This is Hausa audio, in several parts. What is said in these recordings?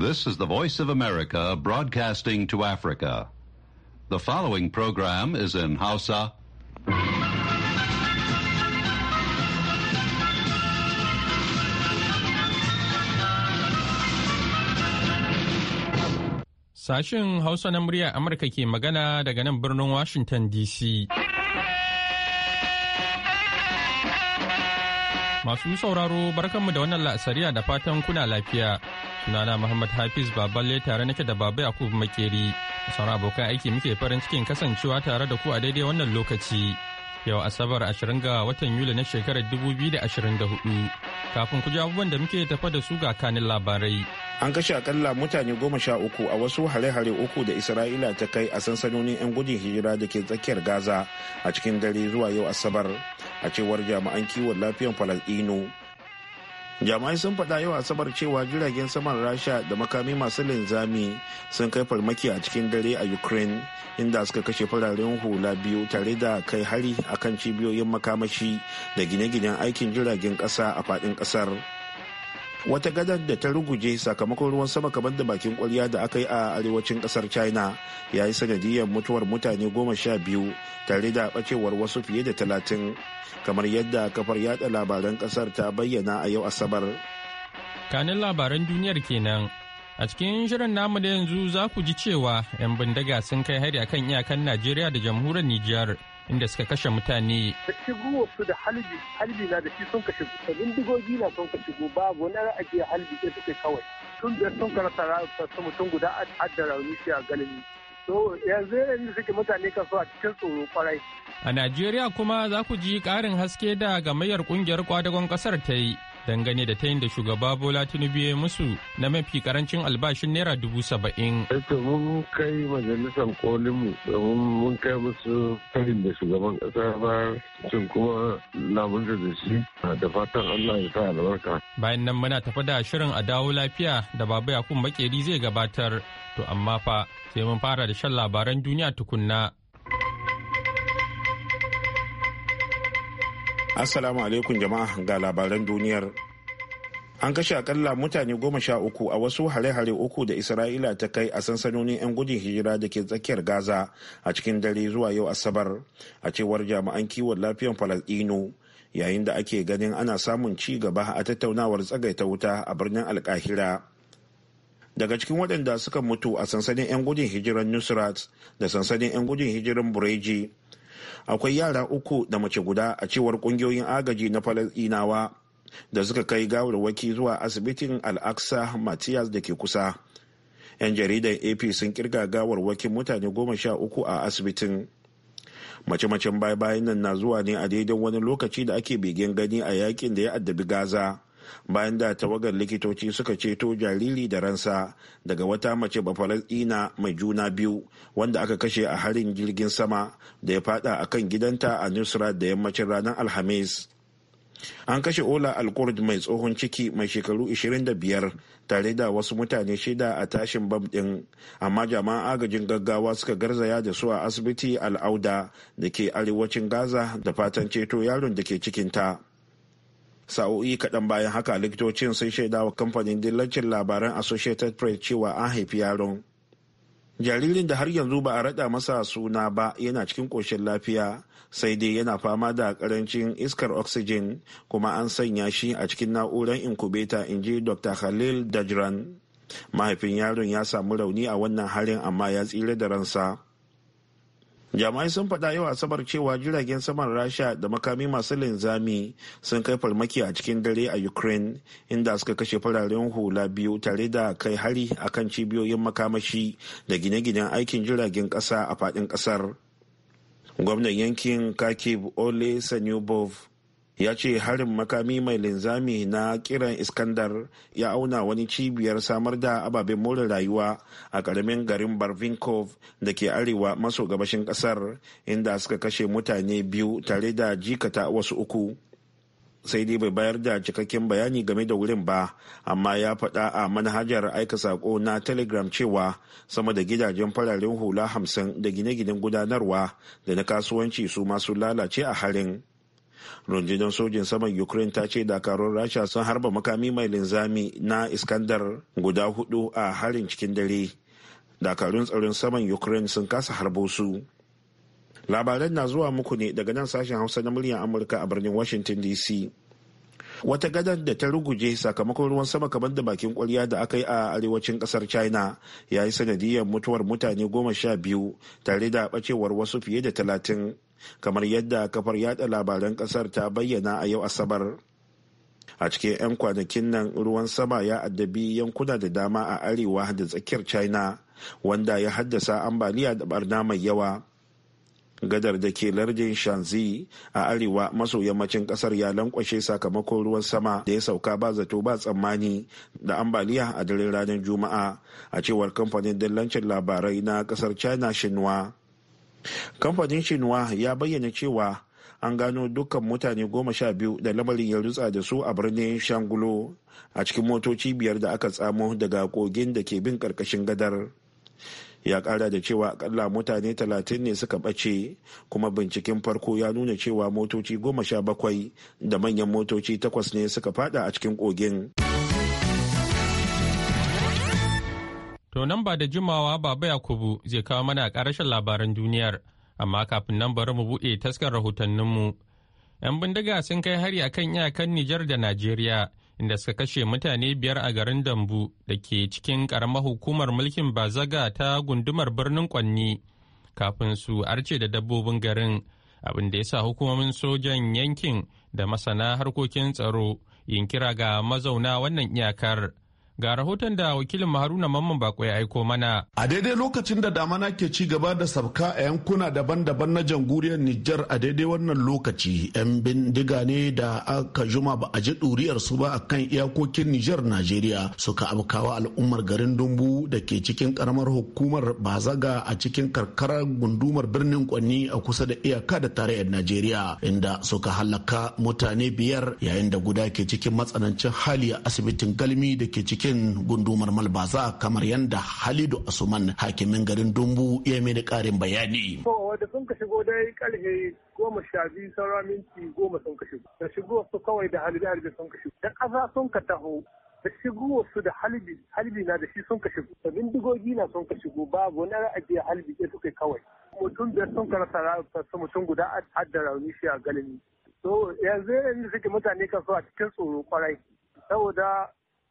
This is the Voice of America broadcasting to Africa. The following program is in Hausa. Sashen Hausa na murya Amurka ke magana daga nan birnin Washington DC. Masu sauraro barkanmu da wannan la'asariya da fatan kuna lafiya. Sunana Muhammad Hafiz Baballe tare nake da Baba Yakubu Makeri. Sauran abokan aiki muke farin cikin kasancewa tare da ku a daidai wannan lokaci. Yau Asabar 20 ga watan Yuli na shekarar 2024. Kafin ku ji abubuwan da muke tafa da su ga kanin labarai. An kashe akalla mutane goma sha uku a wasu hare-hare uku da Isra'ila ta kai a sansanonin 'yan gudun hijira da ke tsakiyar Gaza a cikin dare zuwa yau Asabar a cewar jami'an kiwon lafiyan Falasɗinu. jami'ai sun faɗa yau asabar cewa jiragen saman rasha da makami masu linzami sun kai farmaki a cikin dare a ukraine inda suka kashe fararen hula biyu tare da kai hari akan cibiyoyin makamashi da gine-ginen aikin jiragen ƙasa a faɗin ƙasar. wata gadar da ta ruguje sakamakon ruwan sama kamar da bakin kwarya da aka yi a arewacin kasar china ya yi sanadiyar mutuwar mutane goma sha biyu tare da bacewar wasu fiye da talatin kamar yadda kafar yada labaran kasar ta bayyana a yau asabar kanin labaran duniyar kenan a cikin shirin namu da yanzu za ku ji cewa 'yan bindiga sun kai hari akan iyakan najeriya da jamhuriyar nijar inda suka kashe mutane. Da shigo su da halibi, halibi na da shi sun kashe da digogi na sun kashe babu wani ra'aji halibi ɗin suke kawai. Sun biyar sun karasa ra'ayar su mutum guda adda rauni shi a galibi To yanzu yanzu suke mutane so a cikin tsoro kwarai. A Najeriya kuma za ku ji ƙarin haske da gamayyar ƙungiyar kwadagon ƙasar ta yi dangane da ta yin da shugaba bola tinubu ya musu na mafi karancin albashin naira dubu saba'in. Eto eh, mun kai majalisar kolinmu domin mun kai musu tarin da shugaban kasa ba cin kuma lamun da shi da fatan allah ya sa albarka. bayan nan muna tafi da shirin a dawo lafiya da baba yakub makeri zai gabatar to amma fa sai mun fara da shan labaran duniya tukunna. Assalamu alaikum jama'a ga labaran duniyar. An kashe akalla mutane goma sha uku a wasu hare-hare uku da Isra'ila ta kai a sansanonin 'yan gudun hijira da ke tsakiyar Gaza a cikin dare zuwa yau Asabar a cewar jami'an kiwon lafiyan Falasɗinu yayin da ake ganin ana samun ci gaba a tattaunawar tsagaita wuta a birnin Alkahira. daga cikin waɗanda suka mutu a sansanin 'yan gudun hijiran nusrat da sansanin 'yan gudun hijiran bureji akwai yara uku da mace guda a cewar kungiyoyin agaji na falasɗinawa da suka kai gawarwaki zuwa asibitin al-aqsa da ke kusa yan jaridar ap sun kirga gawarwakin mutane goma sha uku a asibitin mace-macen baya-bayan nan na zuwa ne a daidai wani lokaci da ake begen gani a yakin da ya addabi gaza bayan da tawagar likitoci suka ceto jariri da ransa daga wata mace bafalastina mai juna biyu wanda aka kashe a harin jirgin sama da ya fada a kan gidanta a nusra da yammacin ranar alhamis an kashe ola alkurd mai tsohon ciki mai shekaru 25 tare da wasu mutane shida a tashin bam din amma jama'an agajin gaggawa suka garzaya da su a asibiti al'auda da ke arewacin gaza da fatan ceto yaron da ke cikinta sa'o'i kaɗan bayan haka likitocin sun shaida wa kamfanin dillacin labaran associated press cewa an haifi yaron jaririn da har yanzu ba a raɗa masa suna ba yana cikin ƙoshin lafiya sai dai yana fama da ƙarancin iskar oxygen kuma an sanya shi a cikin na'urar incubator in ji dr khalil dajran mahaifin yaron ya samu rauni a wannan harin amma ya tsira da ransa jama'ai sun faɗa yau asabar cewa jiragen saman rasha da makami masu linzami sun kai farmaki a cikin dare a ukraine inda suka kashe fararen hula biyu tare da kai hari akan cibiyoyin makamashi da gine-ginen aikin jiragen ƙasa a faɗin ƙasar gwamnan yankin kakib ole sanyubov ya ce harin makami mai linzami na kiran iskandar ya auna wani cibiyar samar da ababen more rayuwa a karamin garin barvinkov da ke arewa maso gabashin kasar inda suka kashe mutane biyu tare da jikata wasu uku sai dai bai bayar da cikakken bayani game da wurin ba amma ya faɗa a manhajar aika sako na telegram cewa sama da gidajen fararen hula hamsin da gine-ginen gudanarwa da na kasuwanci su masu lalace a harin rundunar sojin saman ukraine ta ce dakarun rasha sun harba makami mai linzami na iskandar guda hudu a harin cikin dare dakarun tsaron saman ukraine sun kasa harbo su labaran na zuwa muku ne daga nan sashen hausa na muryar amurka a birnin washington dc wata gadar da ta ruguje sakamakon ruwan sama kamar da bakin kwarya da aka yi a arewacin kasar china ya yi sanadiyar mutuwar mutane goma sha biyu tare da bacewar wasu fiye da talatin kamar yadda kafar yada labaran kasar ta bayyana a yau asabar a cikin 'yan kwanakin nan ruwan sama ya addabi yankuna da dama a arewa da tsakiyar china wanda ya haddasa ambaliya da barna mai yawa gadar da ke lardin shanzi a arewa maso yammacin kasar ya lankwashe sakamakon ruwan sama da ya sauka ba zato ba tsammani da ambaliya a daren ranar juma'a a cewar kamfanin dillancin labarai na kasar china shinwa kamfanin shinwa ya bayyana cewa an gano dukkan mutane goma sha biyu da lamarin ya rutsa da su a birnin shangulo a cikin motoci biyar da aka tsamo daga kogin da ke bin karkashin gadar ya kara da cewa akalla mutane talatin ne suka bace kuma binciken farko ya nuna cewa motoci goma sha bakwai da manyan motoci takwas ne suka fada a cikin kogin. To nan ba da jimawa Baba Yakubu zai kawo mana ƙarashin labaran duniyar, amma kafin nan bari mu buɗe taskar rahotanninmu. 'Yan bindiga sun kai hari a kan iyakan Nijar da Najeriya, inda suka kashe mutane biyar a garin Dambu da ke cikin ƙaramar hukumar mulkin Bazaga ta gundumar birnin Kwanni, kafin su arce da dabbobin garin, abin da ya sa hukumomin sojan yankin da masana harkokin tsaro yin kira ga mazauna wannan iyakar. Ga rahoton da wakilin Haruna Mamman Bako ya aiko mana. A daidai lokacin da damana ke ci gaba da sabka a yankuna daban-daban na jamhuriyar Nijar a daidai wannan lokaci 'yan bindiga ne da aka juma ba a ji su ba akan iyakokin Nijar Najeriya suka abkawa al'ummar garin Dumbu da ke cikin karamar hukumar Bazaga a cikin karkarar gundumar birnin Kwanni a kusa da iyaka da tarayyar Najeriya inda suka halaka mutane biyar yayin da guda ke cikin matsanancin hali a asibitin Galmi da ke cikin yankin gundumar Malbaza kamar yadda Halidu Asuman hakimin garin Dumbu ya mini karin bayani. da sun ka shigo dai karfe goma sha biyu saura minti goma sun ka shigo. Da shigo su kawai da halibi halibi sun ka shigo. Da ƙasa sun ka taho da shigo su da halibi halibi na da shi sun ka shigo. Da bindigogi na sun ka shigo babu wani ajiye halibi ke suka kawai. Mutum da sun ka rasa mutum guda adda rauni shi a galibi To yanzu yanzu suke mutane kan so a cikin tsoro kwarai. Saboda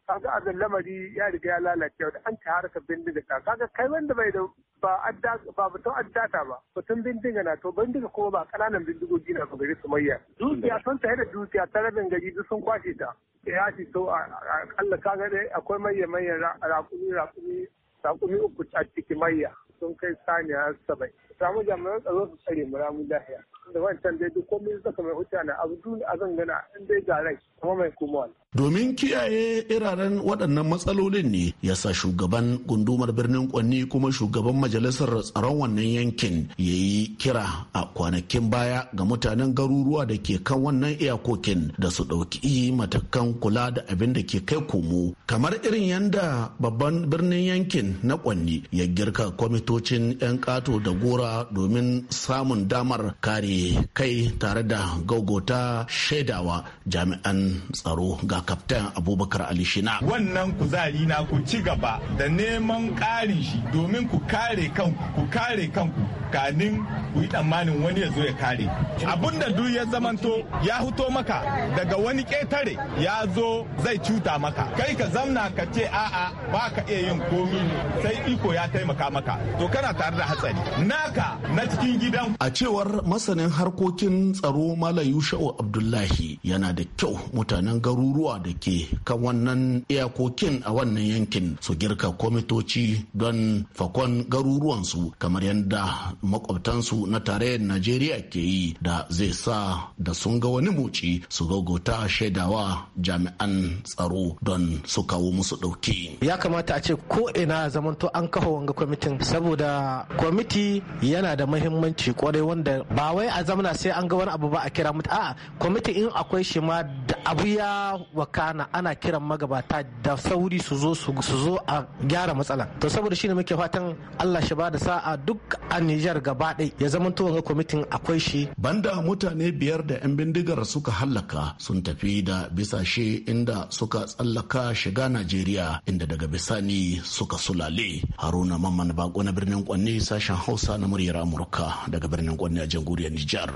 kaga abin lamari ya riga ya lalace da an ta harkar bindiga ta kaga kai wanda bai da ba adda ba mutum addata ba mutum bindiga na to bindiga kuma ba kananan bindigogi na gari su mayya dukiya sun tafi da dukiya ta rabin gari duk sun kwashe ta ya ce to akalla kaga dai akwai mayya mayya raƙumi raƙumi raƙumi uku a ciki mayya sun kai saniya saba'in samu jami'an tsaro su tsare mu ramu lahiya da wancan dai duk komai zaka mai hutu na abu duniya a zan gana in dai ga rai kuma mai wani. domin kiyaye iraren waɗannan matsalolin ne ya sa shugaban gundumar birnin kwanni kuma shugaban majalisar tsaron wannan yankin ya yi kira a kwanakin baya ga mutanen garuruwa da ke kan wannan iyakokin da su ɗauki matakan kula da abin da ke kai komo kamar irin yadda babban birnin yankin na kwanni ya girka kwamitocin 'yan ƙato da gora domin samun damar kare kai tare da gaugota shaidawa jami'an tsaro ga ga kaftan abubakar ali shina wannan kuzari na ku ci gaba da neman ƙarin shi domin ku kare kanku ku kare kanku kanin ku yi tsammanin wani ya zo ya kare abun da duk ya zamanto ya huto maka daga wani ƙetare ya zo zai cuta maka kai ka zamna ka ce a'a ba ka iya yin komi sai iko ya taimaka maka to kana tare da hatsari naka na cikin gidan a cewar masanin harkokin tsaro malam yusha'u abdullahi yana da kyau mutanen garuruwa abubuwa da ke kan wannan iyakokin a wannan yankin su girka kwamitoci don fakon garuruwansu kamar yadda makwabtansu na tarayyar najeriya ke yi da zai sa da sun ga wani muci su gogota shaidawa jami'an tsaro don su kawo musu ɗauki ya kamata a ce ko ina zamanto an kafa wanga kwamitin saboda kwamiti yana da mahimmanci kwarai wanda ba wai a zamana sai an ga wani abu ba a kira mutu a kwamitin in akwai shi ma da abu ya wakana ana kiran magabata da sauri su zo su zo a gyara matsala to saboda shine muke fatan Allah shi bada sa'a duk a Niger gaba ɗaya ya zama to ga kwamitin akwai shi banda mutane biyar da yan bindigar suka hallaka sun tafi da bisashe inda suka tsallaka shiga Najeriya inda daga bisani suka sulale Haruna Mamman Bako na birnin Kwanne sashen Hausa na muryar Amurka daga birnin Kwanne a jamhuriyar Nijar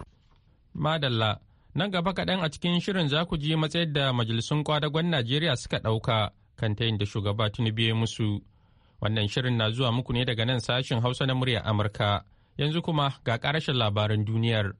madalla Nan gaba kaɗan a cikin shirin za ku ji matsayar da majalisun kwadagon Najeriya suka ɗauka kan ta da shugaba Tinubu ya musu. Wannan shirin na zuwa muku ne daga nan sashen Hausa na murya Amurka. Yanzu kuma ga ƙarashin labaran duniyar.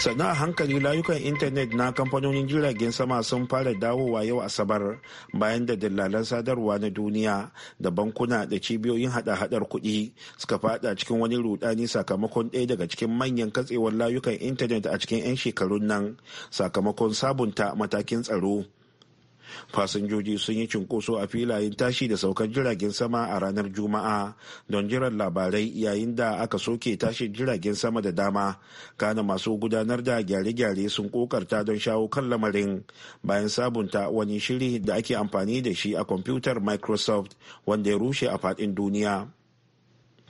sannan a hankali layukan intanet na kamfanonin jiragen sama sun fara dawowa yau asabar bayan da dillalan sadarwa na duniya da bankuna da cibiyoyin hada-hadar kuɗi suka fada cikin wani rudani sakamakon ɗaya daga cikin manyan katsewar layukan intanet a cikin 'yan shekarun nan sakamakon sabunta matakin tsaro fasinjoji sun yi cunkoso a filayen tashi da saukar jiragen sama a ranar juma'a don jiran labarai yayin da aka soke tashin jiragen sama da dama kana masu gudanar da gyare-gyare sun kokarta don shawo kan lamarin bayan sabunta wani shiri da ake amfani da shi a kwamfutar microsoft wanda ya rushe a faɗin duniya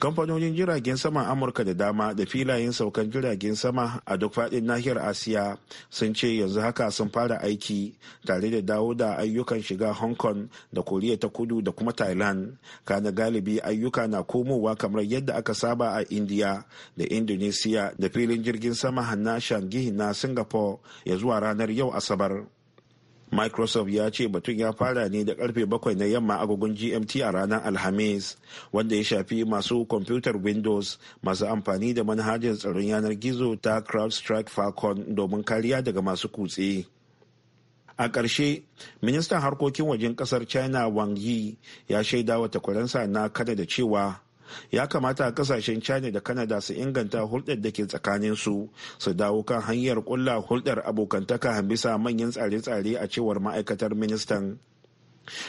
kamfanonin jiragen saman amurka da dama da filayen saukan jiragen sama a duk fadin nahiyar asiya sun ce yanzu haka sun fara aiki tare da dawo da ayyukan shiga hong kong da koriya ta kudu da kuma thailand kana galibi ayyuka na komowa kamar yadda aka saba a india da indonesia da filin jirgin sama na shangihi na singapore ya zuwa ranar yau asabar microsoft ya ce batun ya fara ne da karfe 7 na yamma agogon gmt a ranar alhamis wanda ya shafi masu kwamfutar windows masu amfani da manhajar tsaron yanar gizo ta crowdstrike falcon domin kariya daga masu kutse a ƙarshe ministan harkokin wajen ƙasar china wang yi ya shaida wa takwaransa na kada da cewa ya kamata kasashen china da canada su inganta hulɗar da ke tsakanin su su dawo kan hanyar ƙulla hulɗar abokantaka bisa manyan tsare-tsare a cewar ma'aikatar ministan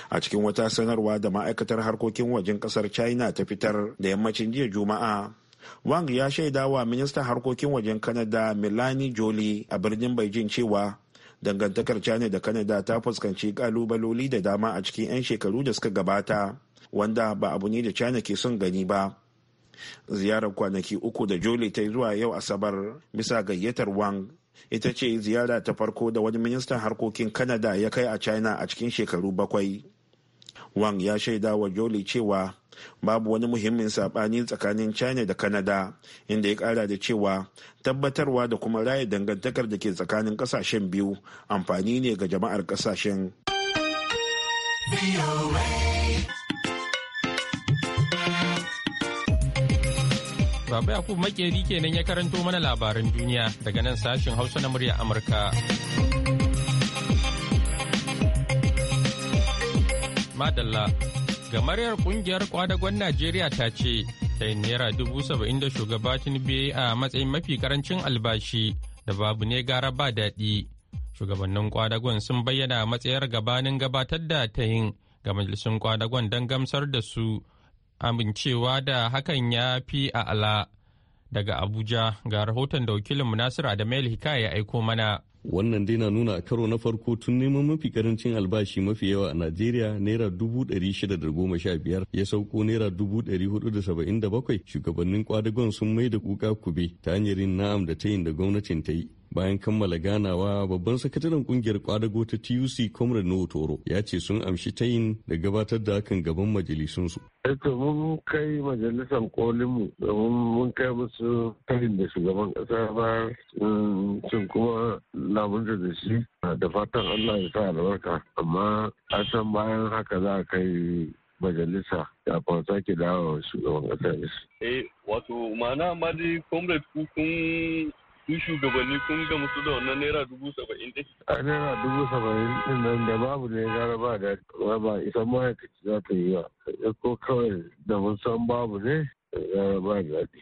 a cikin wata sanarwa da ma'aikatar harkokin wajen ƙasar china ta fitar da yammacin jiya juma'a wang ya shaida wa ministan harkokin wajen canada milani joli a birnin beijing cewa dangantakar china da canada ta fuskanci kalubaloli da dama a cikin 'yan shekaru da suka gabata wanda ba abu ne da china ke son gani ba ziyarar kwanaki uku da jole ta yi zuwa yau asabar bisa gayyatar wang ita ce ziyara ta farko da wani ministan harkokin canada ya kai a china a cikin shekaru bakwai wang ya shaida wa jole cewa babu wani muhimmin saɓani tsakanin china da canada inda ya ƙara da cewa tabbatarwa da kuma raya dangantakar da ke tsakanin ƙasashen biyu amfani ne ga jama'ar ƙasashen. Baba Yakub Makeri kenan ya karanto mana labaran duniya daga nan sashen Hausa na murya Amurka. Madalla, gamariyar kungiyar kwadagon Najeriya ta ce, sai naira dubu saba'in da shugaba Tinubu a matsayin mafi karancin albashi da babu ne gara ba daɗi. Shugabannin kwadagon sun bayyana matsayar gabanin gabatar da ta yin ga majalisun kwadagon don gamsar da su amincewa da hakan ya fi a ala daga abuja ga rahoton da wakilinmu nasiru adamayel hikaya ya aiko mana wannan dai na nuna a karo na farko tun neman mafi karancin albashi mafi yawa a najeriya naira dubu dari shida da goma sha biyar ya sauko naira dubu dari hudu da saba'in da bakwai shugabannin kwadagon sun mai da kuka kube ta hanyar yin na'am da tayin da gwamnatin ta yi bayan kammala ganawa babban sakataren kungiyar kwadago ta tuc comrade nuhu toro ya ce sun amshi ta yin da gabatar da hakan gaban majalisunsu Eto eh, mun kai majalisar kolinmu domin mun kai musu tarin da shugaban kasa ba sun kuma lamunta da shi da fatan Allah ya sa albarka amma a san bayan haka za a kai majalisa kafin ke dawo shugaban kasa Eh wato ma'ana ma dai comrade kun su shugabanni kun ga musu da wannan naira dubu saba'in da a naira dubu saba'in din nan da babu ne gara ba da ba isa ma'aikaci za ta yi ba ko kawai da mun san babu ne gara ba daɗi.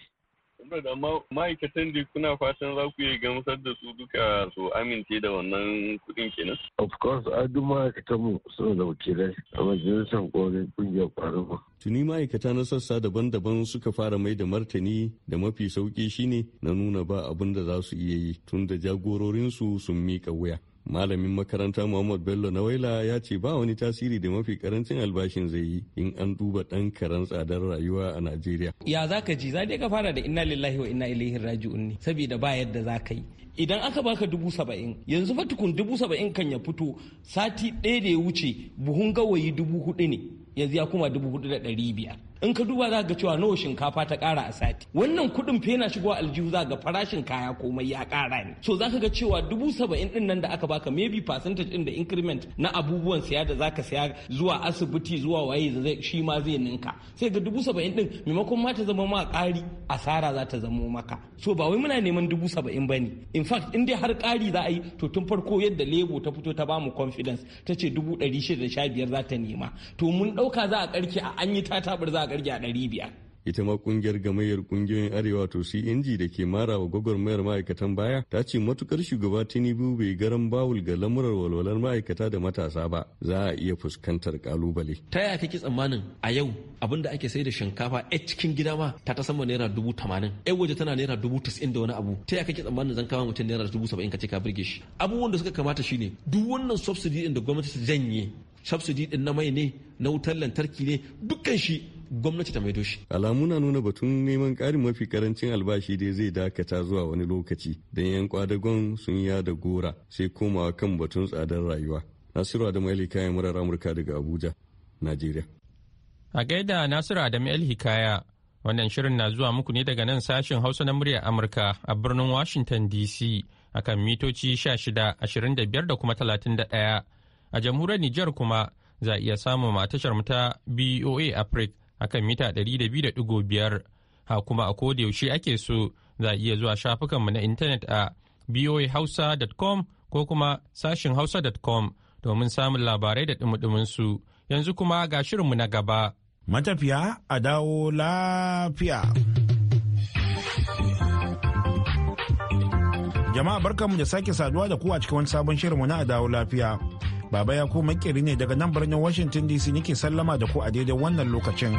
da ma'aikatan da kuna fatan za ku iya gamsar da su duka su amince da wannan kuɗin kenan. Of course, a duk ma'aikatan mu suna da wakilai a majalisar ƙwarin ƙungiyar ƙwarin Tuni ma'aikata na sassa daban-daban suka fara mai da martani da mafi sauƙi shine na nuna ba abin da za su iya yi tun da jagororinsu sun miƙa wuya. malamin makaranta muhammad bello na waila ya ce ba wani tasiri da mafi karancin albashin zai yi in an duba dan karan tsadar rayuwa a najeriya ya zaka ji za ka fara da inna lillahi wa inna ilaihi raji'un ne saboda ba yadda za ka yi idan aka baka dubu saba'in yanzu fa tukun dubu saba'in kan ya fito sati ɗaya da ya wuce buhun gawayi dubu hudu ne yanzu ya kuma dubu hudu da ɗari biyar in ka duba za ga cewa nawa shinkafa ta kara a sati wannan kuɗin fena yana shigowa aljihu za ga farashin kaya komai ya kara ne so za ka ga cewa dubu saba'in ɗin nan da aka baka maybe percentage din da increment na abubuwan siya da za ka siya zuwa asibiti zuwa waye shi ma zai ninka sai ga dubu saba'in ɗin maimakon ma ta zama ma kari asara za ta zamo maka so ba wai muna neman dubu saba'in ba ne in fact in dai har kari za a yi to tun farko yadda lebo ta fito ta bamu confidence ta ce dubu ɗari shida da sha biyar za ta nema to mun ɗauka za a ƙarke a an yi tatabar za garge a ɗari biyar. ita ma kungiyar gamayyar kungiyoyin arewa to inji da ke mara wa gwagwarmayar ma'aikatan baya ta ce matukar shugaba tinubu bai garan bawul ga lamurar walwalar ma'aikata da matasa ba za a iya fuskantar kalubale ta yaya kake tsammanin a yau abin da ake sai da shinkafa a cikin gida ma ta ta sama naira dubu tamanin yan waje tana naira dubu tasi'in da wani abu ta yaya kake tsammanin zan kawo mutum naira dubu saba'in ka ce ka birge shi abubuwan da suka kamata shine duk wannan subsidy din da gwamnati ta janye subsidy din na mai ne na wutar lantarki ne dukkan shi gwamnati ta maido shi. Alamu na nuna batun neman ƙarin mafi karancin albashi dai zai dakata zuwa wani lokaci don 'yan kwadagon sun ya da gora sai komawa kan batun tsadar rayuwa. Nasiru Adamu Ali kayan murar Amurka daga Abuja, Najeriya. A gaida Nasiru Adamu El Hikaya, wannan shirin na zuwa muku ne daga nan sashen Hausa na muryar Amurka a birnin Washington DC akan mitoci shida ashirin da kuma 31. A jamhuriyar Nijar kuma za a iya samun matashar ta BOA Africa akan mita 200.5 ha kuma a yaushe ake so za iya zuwa shafukanmu na intanet a voahausa.com ko kuma sashin hausa.com domin samun labarai da dumudumin su yanzu kuma ga shirinmu na gaba. Matafiya a dawo lafiya. Jama'a barkanmu da sake saduwa da ku a cikin wani sabon shirinmu na a dawo lafiya. Baba ya ku makeri ne daga nan birnin Washington DC nake sallama da ku a daidai wannan lokacin.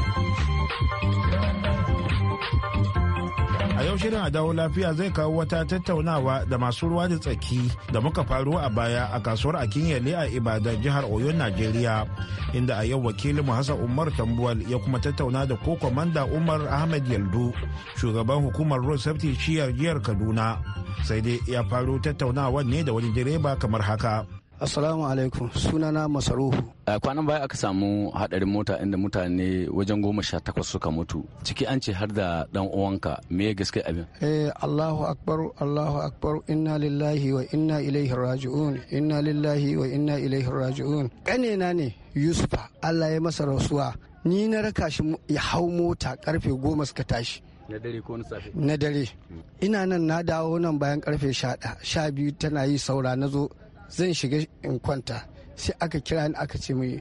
A yau shirin a dawo lafiya zai kawo wata tattaunawa da masu ruwa da tsaki da muka faru a baya a kasuwar Akinyele a Ibadan jihar Oyo Najeriya inda a yau wakilin mu Hassan Umar Tambuwal ya kuma tattauna da ko kwamanda Umar Ahmed Yaldu shugaban hukumar Road Safety Shiyar jihar Kaduna sai dai ya faru tattaunawa ne da wani direba kamar haka. Assalamu alaikum sunana Masaruhu. kwanan baya aka samu hadarin mota inda mutane wajen goma sha takwas suka mutu ciki an ce har da dan uwanka me gaske abin. Eh Allahu akbar Allahu akbar inna lillahi wa inna ilaihi raji'un inna lillahi wa inna ilaihi raji'un. Kanena ne Yusufa Allah ya masa rasuwa ni na raka shi ya hau mota karfe goma suka tashi. na dare ko na na dare hmm. ina nan na dawo nan bayan karfe sha biyu tana yi saura na zo zan shiga in kwanta sai aka kira ni aka ce mai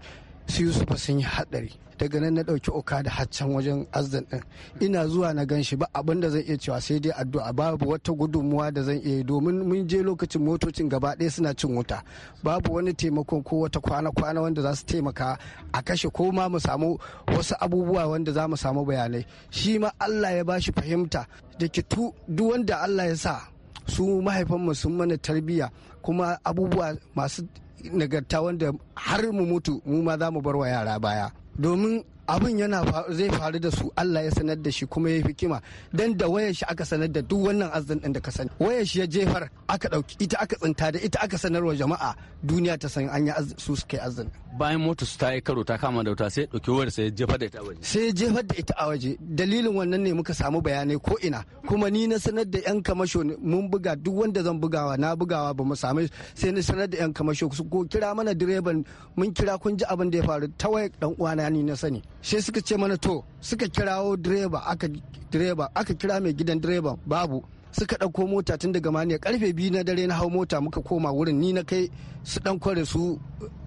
su yusufa sun yi hadari daga nan na ɗauki oka da haccan wajen azdan ɗin ina zuwa na gan shi ba abin da zan iya cewa sai dai addu'a babu wata gudunmuwa da zan iya yi domin mun je lokacin motocin gaba ɗaya suna cin wuta babu wani taimakon ko wata kwana-kwana wanda za su taimaka a kashe ko ma mu samu wasu abubuwa wanda za mu samu bayanai shi ma Allah ya bashi fahimta da kitu duk wanda Allah ya sa su mahaifanmu sun mana tarbiyya kuma abubuwa masu nagarta wanda har mu mutu mu ma za mu bar wa yara baya domin abin yana zai faru da su Allah ya sanar da shi kuma ya hikima dan da wayar shi aka sanar da duk wannan azan din da ka sani wayar shi ya jefar aka dauki ita aka tsinta da ita aka sanarwa jama'a duniya ta san an yi su suka yi azan bayan motar su ta yi karo ta kama da wuta sai dauki wayar sai ya jefar da ita a waje sai ya jefar da ita a waje dalilin wannan ne muka samu bayanai ko ina kuma ni na sanar da yan kamasho mun buga duk wanda zan bugawa na bugawa ba mu samu sai na sanar da yan kamasho ko kira mana direban mun kira kun ji abin da ya faru ta wayar dan uwana ni na sani sai suka ce mana to suka kirawo direba aka direba aka kira mai gidan direban babu suka ɗauko mota tun daga maniya karfe biyu na dare na hau mota muka koma wurin ni na kai su ɗan kware su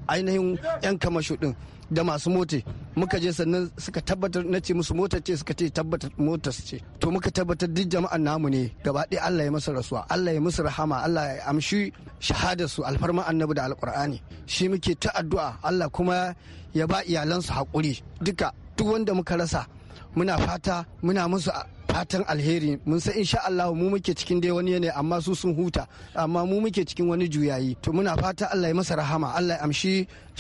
ainihin 'yan kamasho ɗin da masu mota muka je sannan suka tabbatar na ce musu motar ce suka ce tabbatar motar ce to muka tabbatar duk jama'an namu ne gaba ɗaya Allah ya masa rasuwa Allah ya musu rahama Allah ya amshi shahadar su alfarma annabi da alqur'ani shi muke ta addu'a Allah kuma ya ba iyalansu haƙuri duka duk wanda muka rasa muna fata muna musu fatan alheri mun san insha Allah mu muke cikin dai wani ne amma su sun huta amma mu muke cikin wani juyayi to muna fata Allah ya masa rahama Allah ya amshi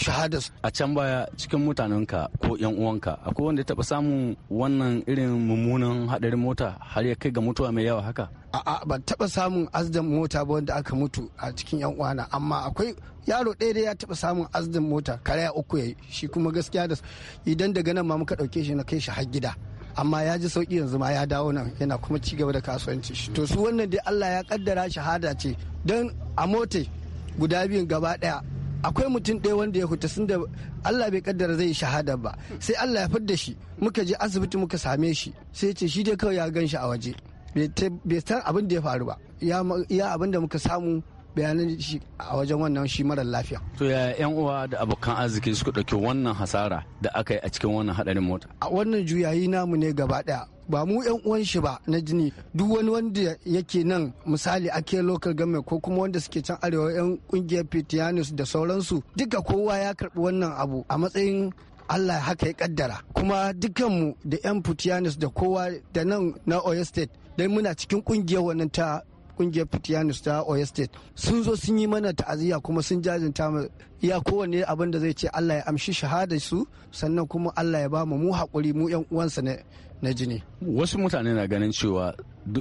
shahadas a can baya cikin mutanenka ko yan uwanka akwai wanda ya taba samun wannan irin mummunan hadarin mota har ya kai ga mutuwa mai yawa haka a'a ban taba samun azdan mota ba wanda aka mutu a cikin yan uwana amma akwai yaro ɗaya dai ya taba samun azdan mota kare uku yayi shi kuma gaskiya da idan daga nan ma muka dauke shi na kai shi har gida amma ya ji sauki yanzu ma ya dawo nan yana kuma ci gaba da kasuwanci shi to su wannan dai Allah ya kaddara shahada ce don a mota guda biyun gaba daya akwai mutum ɗaya wanda ya huta sun da Allah bai kaddara zai shahada ba sai Allah ya fidda shi muka je asibiti muka same shi sai ce shi dai kawai ya gan shi a waje bai san abin da ya faru ba ya abin da muka samu bayanan shi a wajen wannan shi marar lafiya. To ya yan uwa da abokan arziki suka ɗauki wannan hasara da aka yi a cikin wannan haɗarin mota. A wannan juyayi namu ne gaba ɗaya ba mu yan uwan shi ba na jini duk wani wanda yake nan misali ake local government ko kuma wanda suke can arewa yan kungiyar Pitianus da sauransu duka kowa ya karɓi wannan abu a matsayin Allah haka ya kaddara kuma dukkanmu da 'yan Putianis da kowa da nan na Oyo State dai muna cikin kungiyar wannan ta kungiyar fitiyanus ta oyo state sun zo sun yi mana ta'aziyya kuma sun jajinta mu iya kowanne abin da zai ce allah ya amshi shahada su sannan kuma allah ya ba mu mu haƙuri mu yan uwansa ne na jini wasu mutane na ganin cewa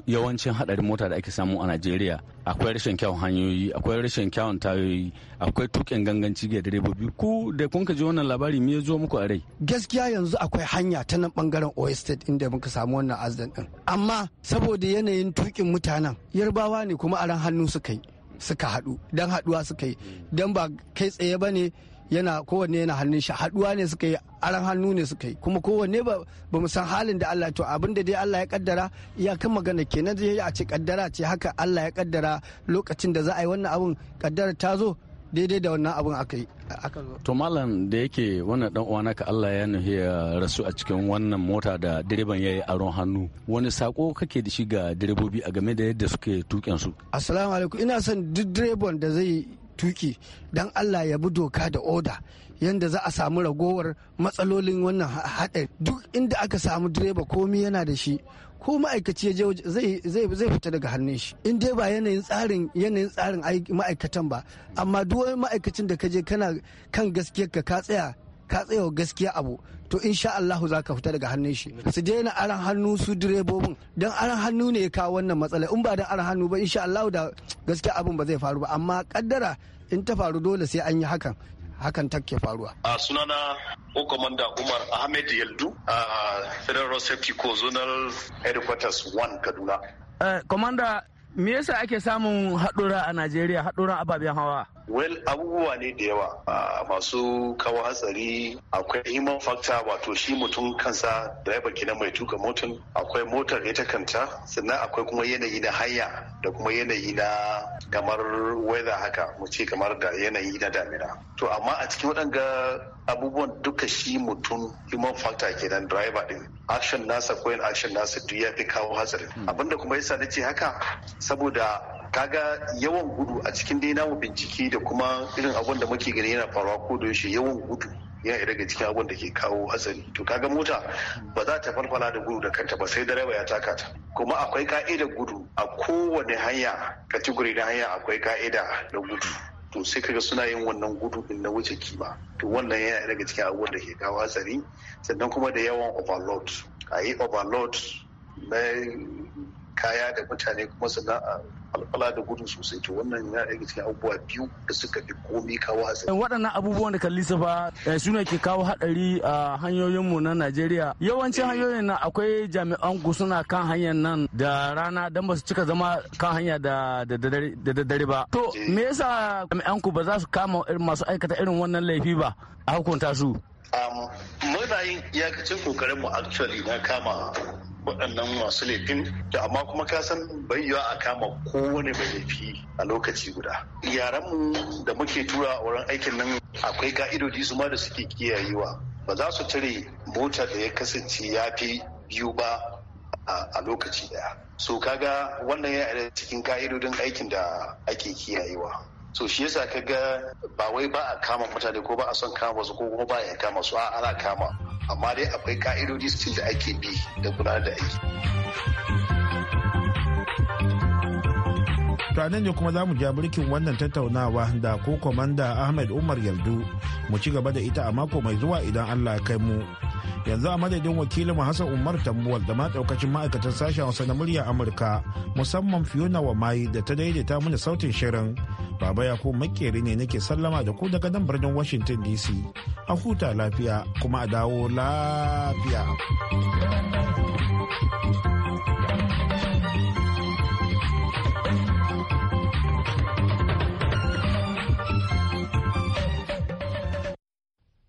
yawancin hadarin mota da ake samu a najeriya akwai rashin kyawun hanyoyi akwai rashin kyawun tayoyi akwai tukin ganganci ga direbobi ku da kun ji wannan labari me ya zo muku a rai gaskiya yanzu akwai hanya ta nan bangaren oil state inda muka samu wannan azdan din amma saboda yanayin tukin mutanen yarbawa ne kuma aran hannu suka yi suka haɗu don haɗuwa suka yi don ba kai tsaye ba ne yana kowanne yana hannun shi haduwa ne suka yi aran hannu ne suka yi kuma kowanne ba ba mu san halin da Allah to abin da dai Allah ya kaddara iyakan magana kenan zai yi a ce kaddara ce haka Allah ya kaddara lokacin da za a yi wannan abun kaddara ta zo daidai da wannan abun aka yi to malam da yake wannan dan uwa naka Allah ya nuhi ya rasu a cikin wannan mota da direban ya yi aron hannu wani sako kake da shi ga direbobi a game da yadda suke tuken su assalamu alaikum ina son duk direban da zai tuki don allah ya bi doka da oda yadda za a samu ragowar matsalolin wannan haɗe duk inda aka samu direba komi yana da shi ko ma'aikaci ya zai zai fita daga hannun shi in dai ba yanayin tsarin yanayin tsarin ma'aikatan ba amma duk wani ma'aikacin da ka je kana kan gaskiyar ka ka tsaya ka tsaya gaskiya abu to insha Allahu za ka fita daga hannun shi su daina aran hannu su direbobin don aran hannu ne ya kawo wannan matsala in ba dan aran hannu ba insha Allahu da gaskiya abin ba zai faru ba amma kaddara in ta faru dole sai an yi hakan hakan take faruwa. A sunana ko komanda Umar Ahmed Yeldu a Federal Safety ko Zonal Headquarters 1 Kaduna. Komanda, eh, me yasa ake samun haɗura a Najeriya haɗuran ababen hawa? well abubuwa ne da yawa ah, masu kawo hatsari akwai human factor wato shi mutum kansa driver kenan mai tuka motun akwai motar ita kanta sannan akwai kuma yanayi na hanya da kuma yanayi na kamar weather haka mu ce kamar da yanayi na damina to amma a cikin waɗanga abubuwan duka shi mutum human factor kenan driver din action nasa ko action nasa duk ya fi kawo hatsari hmm. abinda kuma yasa nace haka saboda Ka ga yawan gudu a cikin dai namu bincike da kuma irin abun da muke gani yana faruwa ko da yaushe yawan gudu yana daga cikin abun da ke kawo hatsari to kaga mota ba za ta falfala da gudu da kanta ba sai direba ya taka ta kuma akwai ka'ida gudu a kowane hanya kategori na hanya akwai ka'ida da gudu to sai kaga suna yin wannan gudu din na wuce kima to wannan yana daga cikin abubuwan da ke kawo hatsari sannan kuma da yawan overload a yi overload na kaya da mutane kuma sannan falfala da gudu sosai to wannan ya daga cikin abubuwa biyu da suka fi komi kawo hatsari waɗannan abubuwan da kan lissafa eh, su ne ke kawo haɗari a hanyoyinmu na najeriya yawancin hanyoyin nan akwai jami'an ku suna kan hanyar nan da rana don ba su cika zama kan hanya da daddare ba to eh. me yasa jami'an ku ba za su kama masu aikata irin wannan laifi ba a hukunta su um, muna yin iyakacin kokarin mu actually na kama waɗannan masu laifin da amma kuma ka san bai a kama kowane mai laifi a lokaci guda yaranmu da muke tura a wurin aikin nan akwai ka'idodi su ma da suke kiyayewa ba za su cire mota da ya kasance ya fi biyu ba a lokaci daya so kaga wannan yana cikin ka'idodin aikin da ake kiyayewa so shi yasa kaga ba wai ba a kama mutane ko ba a son kama su ko kuma ba a kama su a ana kama amma dai akwai ka'idodi still da ake bi da gudanar da aiki. To nan ne kuma za mu ja birkin wannan tattaunawa da ko kwamanda Ahmed Umar Yardu mu ci gaba da ita a mako mai zuwa idan Allah ya kai mu. yanzu a madadin wakilin hassan umar tambuwal da ma ma'aikatan sashen hausa na murya amurka musamman fiona wa mayi da ta daidaita mana sautin shirin baba ya makeri ne nake sallama da ku daga nan birnin washington dc a huta lafiya kuma a dawo lafiya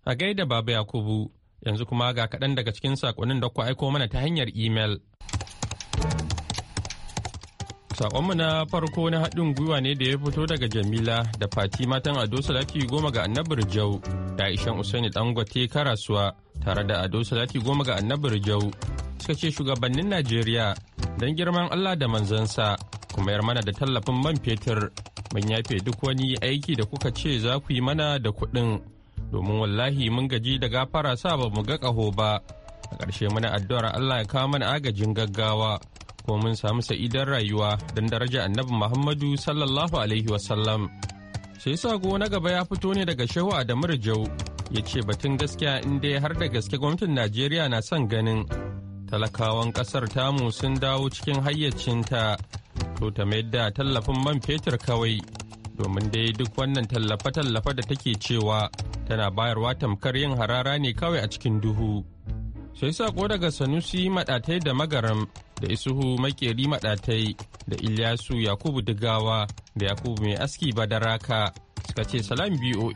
A gaida Baba Yakubu Yanzu kuma ga kaɗan daga cikin saƙonin da ku aiko mana ta hanyar imel. saƙonmu na farko na haɗin gwiwa ne da ya fito daga Jamila da Fati matan Ado Salati goma ga annabar Jau da Aishan Usaini Dangote Karasuwa tare da Ado Salati goma ga annabar Jau suka ce shugabannin Najeriya don girman Allah da manzansa kuma yar mana da tallafin man fetur mun yafe duk wani aiki da kuka ce za ku yi mana da kuɗin domin wallahi mun gaji da gafara sa ba mu ga ƙaho ba a ƙarshe mana addu'ar Allah ya kawo mana agajin gaggawa ko mun samu sa'idar rayuwa don daraja annabi Muhammadu sallallahu alaihi wasallam sai sako na gaba ya fito ne daga shehu Adamu Rijau ya ce batun gaskiya in dai har da gaske gwamnatin Najeriya na son ganin talakawan ƙasar tamu sun dawo cikin hayyacinta to ta mayar da tallafin man fetur kawai domin dai duk wannan tallafe-tallafe da take cewa tana bayarwa tamkar yin harara ne kawai a cikin duhu sai sako daga sanusi maɗatai da magaram da isuhu makeri maɗatai da ilyasu yakubu digawa da yakubu mai aski badaraka suka ce salam boa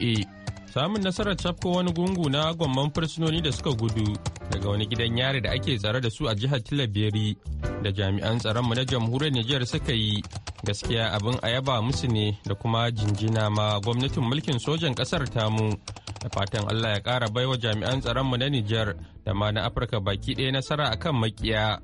samun nasarar cafko wani gungu na gwamman fursunoni da suka gudu daga wani gidan yari da ake tsare da su a jihar tilabiri da jami'an tsaronmu na jamhuriyar nijar suka yi gaskiya abin a yaba musu ne da kuma jinjina ma gwamnatin mulkin sojan kasar tamu da fatan allah ya kara baiwa jami'an tsaronmu na nijar da ma na afirka baki ɗaya nasara akan makiya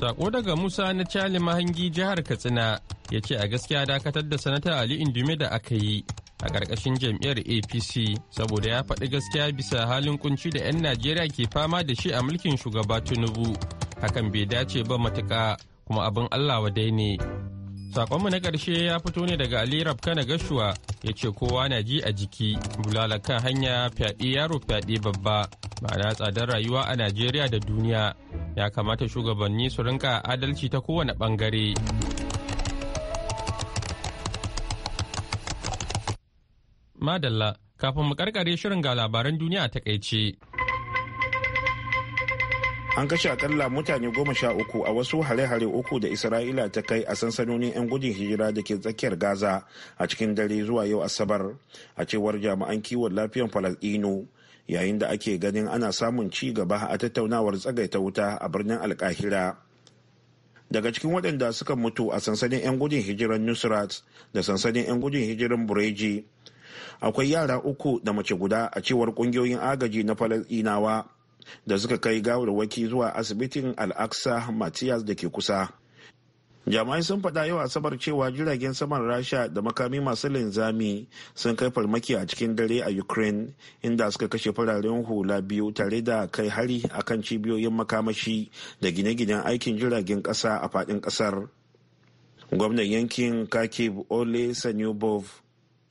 Sako daga Musa na Cali Mahangi jihar Katsina ya ce a gaskiya dakatar da sanata Ali Indume da aka yi a ƙarƙashin jam'iyyar apc saboda ya faɗi gaskiya bisa halin kunci da 'yan najeriya ke fama da shi a mulkin shugaba tinubu hakan bai dace ba matuƙa kuma abin allah wadai ne sakonmu na ƙarshe ya fito ne daga ali rabkana gashuwa ya ce kowa na ji a jiki bulala kan hanya fyaɗe yaro fyaɗe babba ma'ana tsadar rayuwa a najeriya da duniya ya kamata shugabanni su rinka adalci ta kowane ɓangare. Madalla, kafin mu karkare shirin ga labaran duniya a takaice. An kashe akalla mutane goma sha uku a wasu hare-hare uku da Isra'ila ta kai a sansanonin 'yan gudun hijira da ke tsakiyar Gaza a cikin dare zuwa yau Asabar, a cewar jami'an kiwon lafiyan Falasɗinu. yayin da ake ganin ana samun ci gaba a tattaunawar tsagaita wuta a birnin alkahira daga cikin waɗanda suka mutu a sansanin 'yan gudun hijiran nusrat da sansanin 'yan gudun hijiran bureji akwai yara uku da mace guda a cewar kungiyoyin agaji na falasɗinawa da suka kai gawarwaki zuwa asibitin alaksa aqsa da ke kusa jami'ai sun faɗa yau asabar cewa jiragen saman rasha da makami masu linzami sun kai farmaki a cikin dare a ukraine inda suka kashe fararen hula biyu tare da kai hari a kan cibiyoyin makamashi da gine-ginen aikin jiragen ƙasa a faɗin ƙasar gwamnan yankin kakib ole sanyubov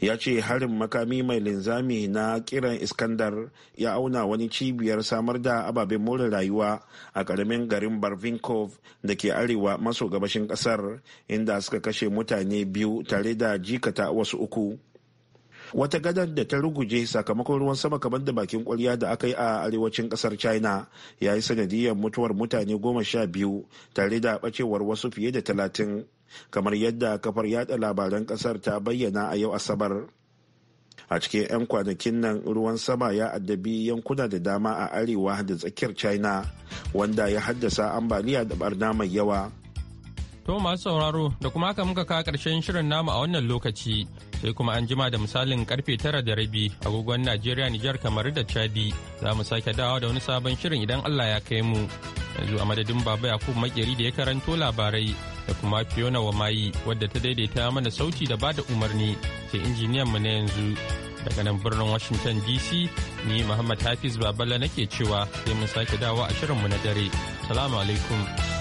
ya ce harin makami mai linzami na kiran iskandar ya auna wani cibiyar samar da ababen more rayuwa a karamin garin barvinkov da ke arewa maso gabashin kasar inda suka kashe mutane biyu tare da jikata wasu uku wata gadar da ta ruguje sakamakon ruwan sama kamar da bakin kwarya da aka yi a arewacin kasar china ya yi sanadiyar mutuwar mutane goma sha biyu tare da bacewar wasu fiye da talatin kamar yadda kafar yada labaran kasar ta bayyana a yau asabar a cikin 'yan kwanakin nan ruwan sama ya addabi yankuna da dama a arewa da tsakiyar china wanda ya haddasa ambaliya da barna mai yawa to masu sauraro da kuma haka muka kawo karshen shirin namu a wannan lokaci sai kuma an jima da misalin karfe tara da rabi agogon najeriya nijar kamar da chadi za mu sake dawo da wani sabon shirin idan allah ya kai mu yanzu a madadin baba yakubu makeri da ya karanto labarai da kuma Fiona mayi wadda ta daidaita mana sauti da bada umarni sai injiniyan mu na yanzu daga nan birnin Washington DC ni Muhammad Hafiz Babala nake cewa sai mun sake dawo a shirinmu na dare. Salamu alaikum.